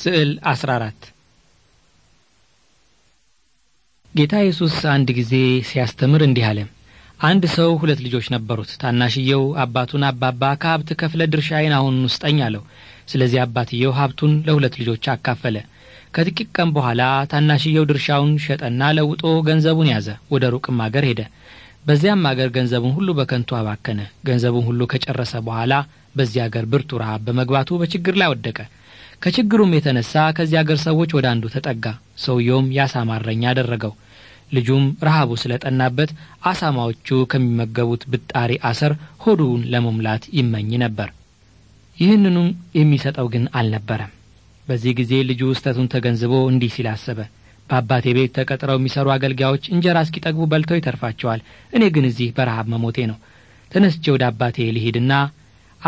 ስዕል 14 ጌታ ኢየሱስ አንድ ጊዜ ሲያስተምር እንዲህ አለ። አንድ ሰው ሁለት ልጆች ነበሩት። ታናሽየው አባቱን አባባ ከሀብት ከፍለ ድርሻዬን አሁን ውስጠኝ አለው። ስለዚህ አባትየው ሀብቱን ለሁለት ልጆች አካፈለ። ከጥቂት ቀን በኋላ ታናሽየው ድርሻውን ሸጠና ለውጦ ገንዘቡን ያዘ። ወደ ሩቅም አገር ሄደ። በዚያም አገር ገንዘቡን ሁሉ በከንቱ አባከነ። ገንዘቡን ሁሉ ከጨረሰ በኋላ በዚያ አገር ብርቱ ረሃብ በመግባቱ በችግር ላይ ወደቀ። ከችግሩም የተነሳ ከዚያ አገር ሰዎች ወደ አንዱ ተጠጋ። ሰውየውም የአሳ አደረገው። ልጁም ረሃቡ ስለጠናበት አሳማዎቹ ከሚመገቡት ብጣሪ አሰር ሆዱን ለመሙላት ይመኝ ነበር። ይህንኑም የሚሰጠው ግን አልነበረም። በዚህ ጊዜ ልጁ ስተቱን ተገንዝቦ እንዲህ ሲል አሰበ። በአባቴ ቤት ተቀጥረው የሚሰሩ አገልጋዮች እንጀራ እስኪጠግቡ በልተው ይተርፋቸዋል። እኔ ግን እዚህ በረሃብ መሞቴ ነው። ተነስቼ ወደ አባቴ ልሂድና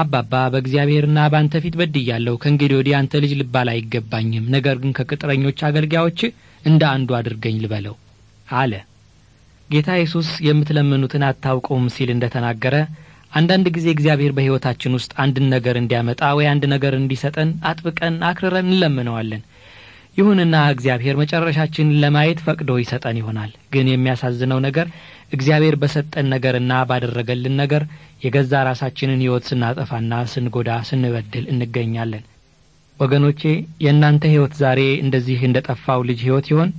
አባባ በእግዚአብሔርና ባንተ ፊት በድያለሁ። ከእንግዲህ ወዲህ አንተ ልጅ ልባል አይገባኝም። ነገር ግን ከቅጥረኞች አገልጋዮች እንደ አንዱ አድርገኝ ልበለው አለ። ጌታ ኢየሱስ የምትለምኑትን አታውቀውም ሲል እንደ ተናገረ አንዳንድ ጊዜ እግዚአብሔር በሕይወታችን ውስጥ አንድን ነገር እንዲያመጣ ወይ አንድ ነገር እንዲሰጠን አጥብቀን አክርረን እንለምነዋለን። ይሁንና እግዚአብሔር መጨረሻችን ለማየት ፈቅዶ ይሰጠን ይሆናል። ግን የሚያሳዝነው ነገር እግዚአብሔር በሰጠን ነገርና ባደረገልን ነገር የገዛ ራሳችንን ሕይወት ስናጠፋና ስንጎዳ፣ ስንበድል እንገኛለን። ወገኖቼ የእናንተ ሕይወት ዛሬ እንደዚህ እንደ ጠፋው ልጅ ሕይወት ይሆን?